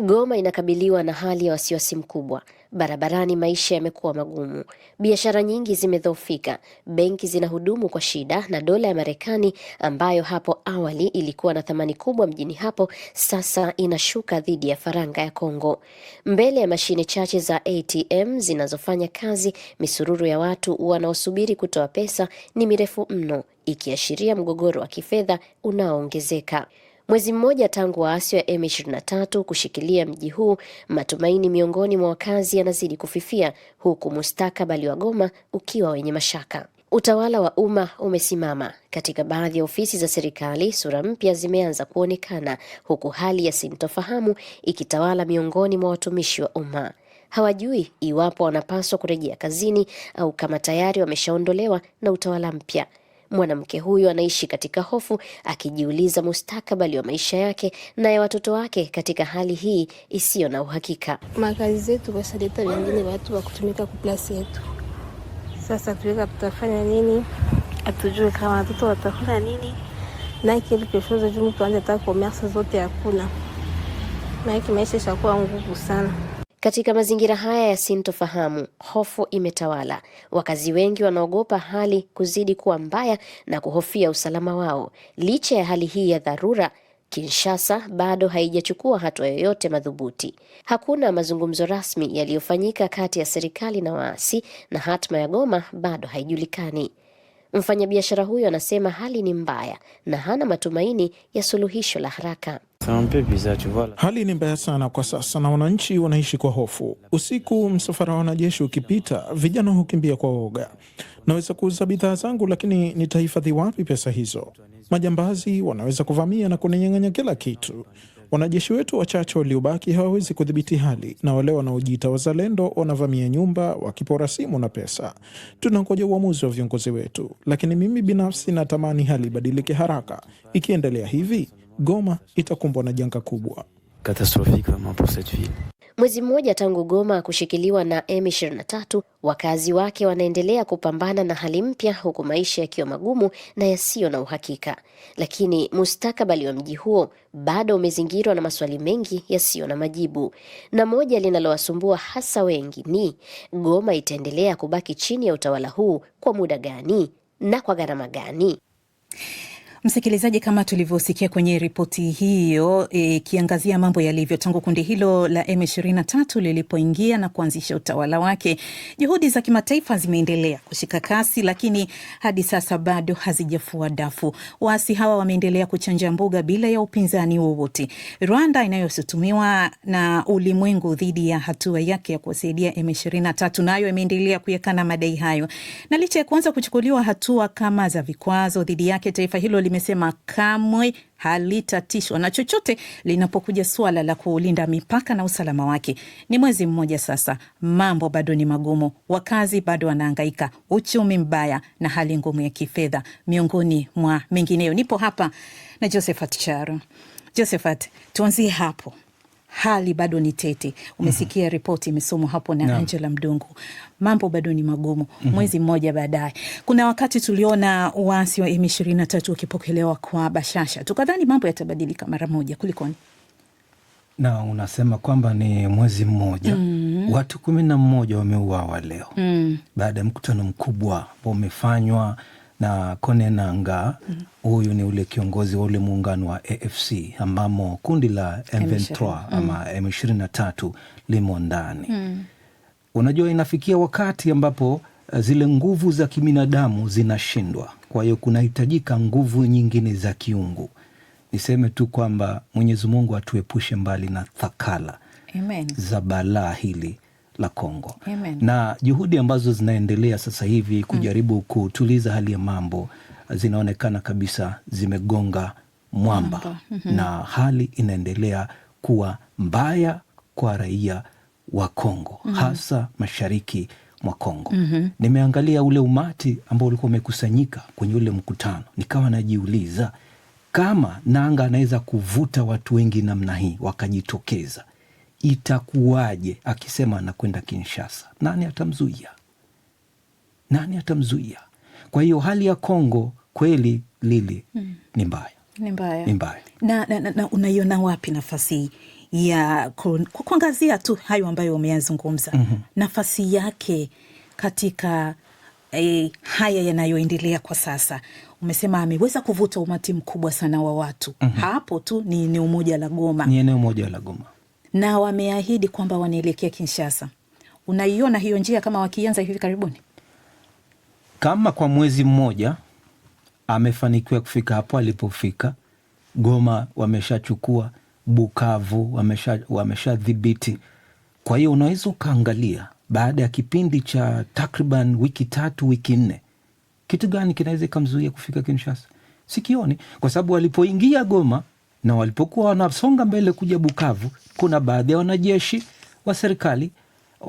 Goma inakabiliwa na hali ya wasiwasi mkubwa. Barabarani maisha yamekuwa magumu, biashara nyingi zimedhoofika, benki zinahudumu kwa shida, na dola ya Marekani ambayo hapo awali ilikuwa na thamani kubwa mjini hapo sasa inashuka dhidi ya faranga ya Kongo. Mbele ya mashine chache za ATM zinazofanya kazi, misururu ya watu wanaosubiri kutoa pesa ni mirefu mno, ikiashiria mgogoro wa kifedha unaoongezeka. Mwezi mmoja tangu waasi wa M23 kushikilia mji huu, matumaini miongoni mwa wakazi yanazidi kufifia, huku mustakabali wa Goma ukiwa wenye mashaka. Utawala wa umma umesimama katika baadhi ya ofisi za serikali. Sura mpya zimeanza kuonekana, huku hali ya sintofahamu ikitawala miongoni mwa watumishi wa umma. Hawajui iwapo wanapaswa kurejea kazini au kama tayari wameshaondolewa na utawala mpya. Mwanamke huyu anaishi katika hofu, akijiuliza mustakabali wa maisha yake na ya watoto wake katika hali hii isiyo na uhakika. Makazi zetu washaleta wengine watu wa kutumika kuplasi yetu, sasa tuweka tutafanya nini? Hatujue kama watoto watafanya nini nakilikeshozo juu mtu taa komersa zote hakuna, naiki maisha ishakuwa nguvu sana. Katika mazingira haya ya sintofahamu, hofu imetawala. Wakazi wengi wanaogopa hali kuzidi kuwa mbaya na kuhofia usalama wao. Licha ya hali hii ya dharura, Kinshasa bado haijachukua hatua yoyote madhubuti. Hakuna mazungumzo rasmi yaliyofanyika kati ya serikali na waasi na hatma ya Goma bado haijulikani. Mfanyabiashara huyo anasema hali ni mbaya na hana matumaini ya suluhisho la haraka. Hali ni mbaya sana kwa sasa na wananchi wanaishi kwa hofu. Usiku msafara wa wanajeshi ukipita, vijana hukimbia kwa woga. Naweza kuuza bidhaa zangu, lakini nitahifadhi wapi pesa hizo? Majambazi wanaweza kuvamia na kuninyang'anya kila kitu. Wanajeshi wetu wachache waliobaki hawawezi kudhibiti hali, na wale wanaojiita wazalendo wanavamia nyumba, wakipora simu na pesa. Tunangoja uamuzi wa viongozi wetu, lakini mimi binafsi natamani hali ibadilike haraka. Ikiendelea hivi, Goma itakumbwa na janga kubwa. Mwezi mmoja tangu Goma kushikiliwa na M23, wakazi wake wanaendelea kupambana na hali mpya, huku maisha yakiwa magumu na yasiyo na uhakika. Lakini mustakabali wa mji huo bado umezingirwa na maswali mengi yasiyo na majibu, na moja linalowasumbua hasa wengi ni Goma itaendelea kubaki chini ya utawala huu kwa muda gani na kwa gharama gani? Msikilizaji, kama tulivyosikia kwenye ripoti hiyo e, ikiangazia e, mambo yalivyo tangu kundi hilo la M23 lilipoingia na kuanzisha utawala wake, juhudi za kimataifa zimeendelea kushika kasi, lakini hadi sasa bado hazijafua dafu. Waasi hawa wameendelea kuchanja mbuga bila ya upinzani wowote. Rwanda inayoshutumiwa na ulimwengu dhidi ya hatua yake ya kuwasaidia M23 nayo imeendelea kuyakana madai hayo, na licha ya kuanza kuchukuliwa hatua kama za vikwazo dhidi yake, taifa hilo lime limesema kamwe halitatishwa na chochote linapokuja suala la kulinda mipaka na usalama wake. Ni mwezi mmoja sasa, mambo bado ni magumu, wakazi bado wanaangaika uchumi mbaya na hali ngumu ya kifedha, miongoni mwa mengineyo. Nipo hapa na Josephat Charo. Josephat, tuanzie hapo hali bado ni tete. Umesikia mm -hmm. ripoti imesomwa hapo na yeah. Angela Mdungu, mambo bado ni magumu mm -hmm. mwezi mmoja baadaye. Kuna wakati tuliona waasi wa M23 wakipokelewa kwa bashasha, tukadhani mambo yatabadilika mara moja. Kulikoni? na unasema kwamba ni mwezi mmoja mm. watu kumi na mmoja wameuawa leo mm. baada ya mkutano mkubwa ambao umefanywa na Kone Nanga huyu mm. ni ule kiongozi wa ule muungano wa AFC ambamo kundi la M23 mm. ama M23 limo ndani mm. Unajua, inafikia wakati ambapo eh, zile nguvu za kibinadamu zinashindwa, kwa hiyo kunahitajika nguvu nyingine za kiungu. Niseme tu kwamba Mwenyezi Mungu atuepushe mbali na thakala Amen. za balaa hili la Kongo Amen. Na juhudi ambazo zinaendelea sasa hivi mm. kujaribu kutuliza hali ya mambo zinaonekana kabisa zimegonga mwamba mm -hmm. Na hali inaendelea kuwa mbaya kwa raia wa Kongo mm -hmm. Hasa mashariki mwa Kongo mm -hmm. Nimeangalia ule umati ambao ulikuwa umekusanyika kwenye ule mkutano, nikawa najiuliza kama nanga anaweza kuvuta watu wengi namna hii wakajitokeza itakuwaje akisema anakwenda Kinshasa? Nani atamzuia? Nani atamzuia? Kwa hiyo hali ya Kongo kweli lili mm. ni mbaya, ni mbaya, ni mbaya. Na, na, na unaiona wapi nafasi ya kuangazia tu hayo ambayo umeyazungumza mm -hmm. nafasi yake katika E, haya yanayoendelea kwa sasa? Umesema ameweza kuvuta umati mkubwa sana wa watu mm -hmm. hapo tu ni eneo moja la Goma, ni eneo moja la Goma na wameahidi kwamba wanaelekea Kinshasa. Unaiona hiyo njia kama wakianza hivi karibuni? Kama kwa mwezi mmoja amefanikiwa kufika hapo alipofika, Goma wameshachukua, Bukavu wameshadhibiti, wamesha kwa hiyo unaweza ukaangalia baada ya kipindi cha takriban wiki tatu wiki nne, kitu gani kinaweza ikamzuia kufika Kinshasa? Sikioni, kwa sababu walipoingia Goma na walipokuwa wanasonga mbele kuja Bukavu, kuna baadhi ya wanajeshi wa serikali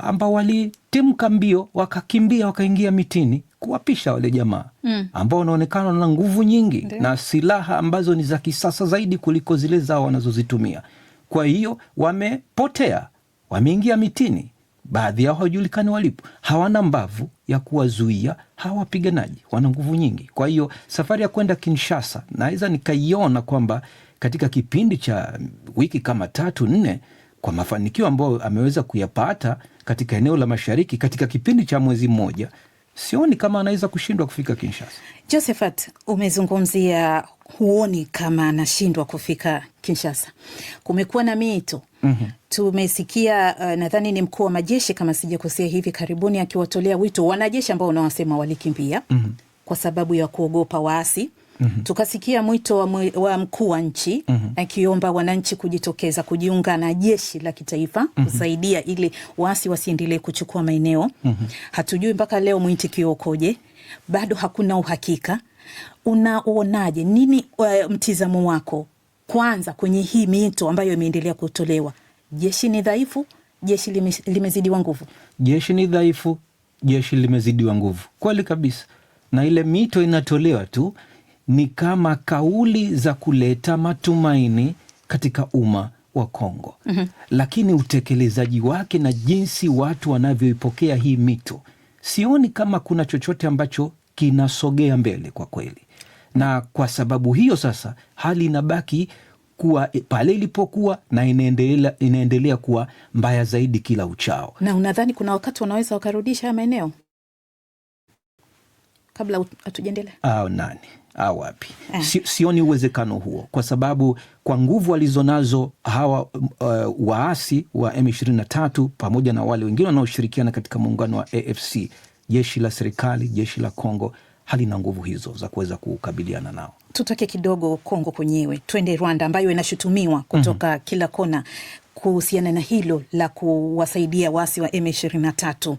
ambao walitimka mbio wakakimbia wakaingia mitini kuwapisha wale jamaa mm. ambao wanaonekana na nguvu nyingi Ndiyo. na silaha ambazo ni za kisasa zaidi kuliko zile zao wanazozitumia. Kwa hiyo wamepotea, wameingia mitini, baadhi yao hawajulikani walipo, hawana mbavu ya kuwazuia hawa wapiganaji, wana nguvu nyingi. Kwa hiyo safari ya kwenda Kinshasa naweza nikaiona kwamba katika kipindi cha wiki kama tatu nne, kwa mafanikio ambayo ameweza kuyapata katika eneo la mashariki katika kipindi cha mwezi mmoja, sioni kama anaweza kushindwa kufika Kinshasa. Josephat, umezungumzia huoni kama anashindwa kufika Kinshasa. Kumekuwa na miito mm -hmm. Tumesikia uh, nadhani ni mkuu wa majeshi kama sijakosea, hivi karibuni akiwatolea wito wanajeshi ambao unawasema walikimbia mm -hmm. kwa sababu ya kuogopa waasi -hmm. Tukasikia mwito wa, wa mkuu wa nchi mm -hmm. akiomba wananchi kujitokeza kujiunga na jeshi la kitaifa mm -hmm. kusaidia ili waasi wasiendelee kuchukua maeneo mm -hmm. Hatujui mpaka leo mwitikio ukoje, bado hakuna uhakika. Unaonaje, nini uh, mtizamo wako kwanza kwenye hii mito ambayo imeendelea kutolewa? Jeshi ni dhaifu, jeshi lime, limezidiwa nguvu. Jeshi ni dhaifu, jeshi limezidiwa nguvu, kweli kabisa, na ile mito inatolewa tu ni kama kauli za kuleta matumaini katika umma wa Kongo. mm -hmm. Lakini utekelezaji wake na jinsi watu wanavyoipokea hii mito, sioni kama kuna chochote ambacho kinasogea mbele kwa kweli, na kwa sababu hiyo sasa hali inabaki kuwa pale ilipokuwa na inaendelea, inaendelea kuwa mbaya zaidi kila uchao. Na unadhani kuna wakati wanaweza wakarudisha haya maeneo kabla hatujaendelea? Nani wapi? Si, sioni uwezekano huo kwa sababu kwa nguvu walizonazo hawa uh, waasi wa M23 pamoja na wale wengine wanaoshirikiana katika muungano wa AFC, jeshi la serikali, jeshi la Kongo halina nguvu hizo za kuweza kukabiliana nao. Tutoke kidogo Kongo kwenyewe twende Rwanda ambayo inashutumiwa mhm. kutoka mm -hmm. kila kona kuhusiana na hilo la kuwasaidia waasi wa M23.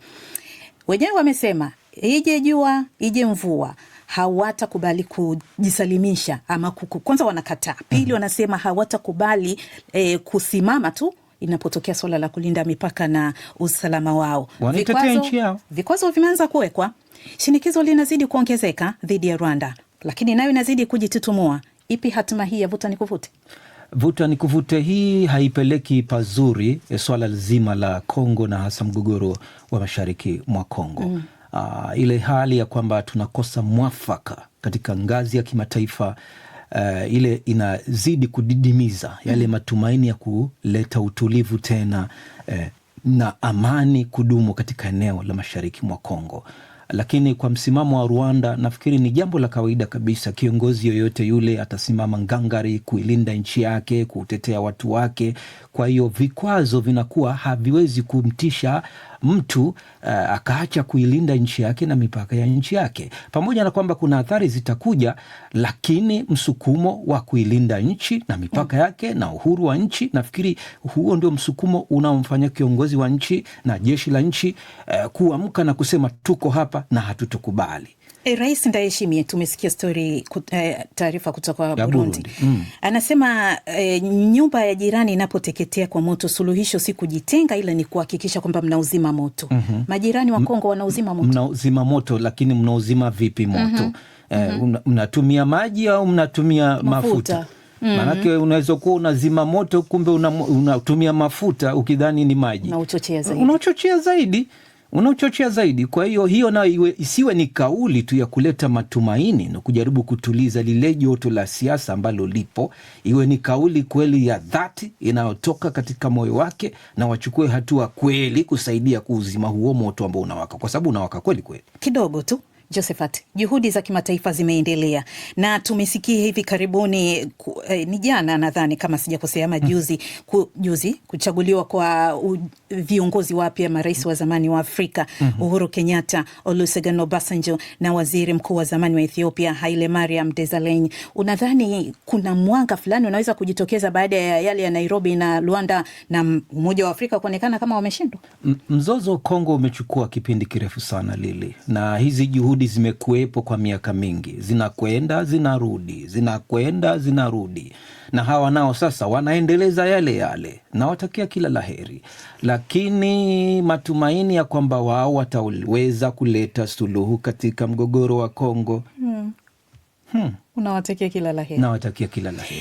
Wenyewe wamesema ije jua ije mvua hawatakubali kujisalimisha ama kuku. Kwanza wanakataa, pili mhm. wanasema hawatakubali e, kusimama tu inapotokea swala la kulinda mipaka na usalama wao. Vikwazo, vikwazo vimeanza kuwekwa, shinikizo linazidi kuongezeka dhidi ya Rwanda, lakini nayo inazidi kujitutumua. Ipi hatima hii ya vuta ni kuvute? Vuta ni kuvute hii haipeleki pazuri eh, swala zima la Kongo na hasa mgogoro wa mashariki mwa Kongo mm uh, ile hali ya kwamba tunakosa mwafaka katika ngazi ya kimataifa uh, ile inazidi kudidimiza yale mm. matumaini ya kuleta utulivu tena uh, na amani kudumu katika eneo la mashariki mwa Kongo. Lakini kwa msimamo wa Rwanda, nafikiri ni jambo la kawaida kabisa. Kiongozi yoyote yule atasimama ngangari kuilinda nchi yake, kutetea watu wake. Kwa hiyo vikwazo vinakuwa haviwezi kumtisha mtu uh, akaacha kuilinda nchi yake na mipaka ya nchi yake. Pamoja na kwamba kuna athari zitakuja, lakini msukumo wa kuilinda nchi na mipaka yake na uhuru wa nchi, nafikiri huo ndio msukumo unaomfanya kiongozi wa nchi na jeshi la nchi uh, kuamka na kusema tuko hapa na hatutokubali. E, rais Ndayishimiye, tumesikia stori e, eh, taarifa kutoka Burundi, Burundi. Mm. Anasema e, nyumba ya jirani inapoteketea kwa moto, suluhisho si kujitenga, ila ni kuhakikisha kwamba mnauzima moto. mm -hmm. Majirani wa Kongo wanauzima moto, mnauzima moto, lakini mnauzima vipi moto? mm -hmm. E, mm -hmm. mnatumia maji au mnatumia mafuta, mafuta. Mm. Maanake unaweza kuwa unazima moto kumbe unatumia una mafuta ukidhani ni maji, unachochea zaidi, una zaidi unaochochea zaidi. Kwa hiyo hiyo nayo isiwe ni kauli tu ya kuleta matumaini na kujaribu kutuliza lile joto la siasa ambalo lipo, iwe ni kauli kweli ya dhati inayotoka katika moyo wake, na wachukue hatua kweli kusaidia kuuzima huo moto ambao unawaka, kwa sababu unawaka kweli kweli. Kidogo tu Josephat, juhudi za kimataifa zimeendelea na tumesikia hivi karibuni ku, eh, ni jana nadhani kama sijakosea ama juzi mm. ku, juzi kuchaguliwa kwa u, viongozi wapya marais wa zamani wa Afrika mm -hmm. Uhuru Kenyatta, Olusegun Obasanjo na waziri mkuu wa zamani wa Ethiopia Haile Mariam Desalegn. Unadhani kuna mwanga fulani unaweza kujitokeza baada ya yale ya Nairobi na Luanda na Umoja wa Afrika kuonekana kama wameshindwa? Mzozo Kongo umechukua kipindi kirefu sana Lili, na hizi juhudi ahadi zimekuwepo kwa miaka mingi, zinakwenda zinarudi, zinakwenda zinarudi, na hawa nao sasa wanaendeleza yale yale. Nawatakia kila laheri, lakini matumaini ya kwamba wao wataweza kuleta suluhu katika mgogoro wa Kongo hmm. Hmm. Unawatakia kila laheri. Nawatakia kila laheri.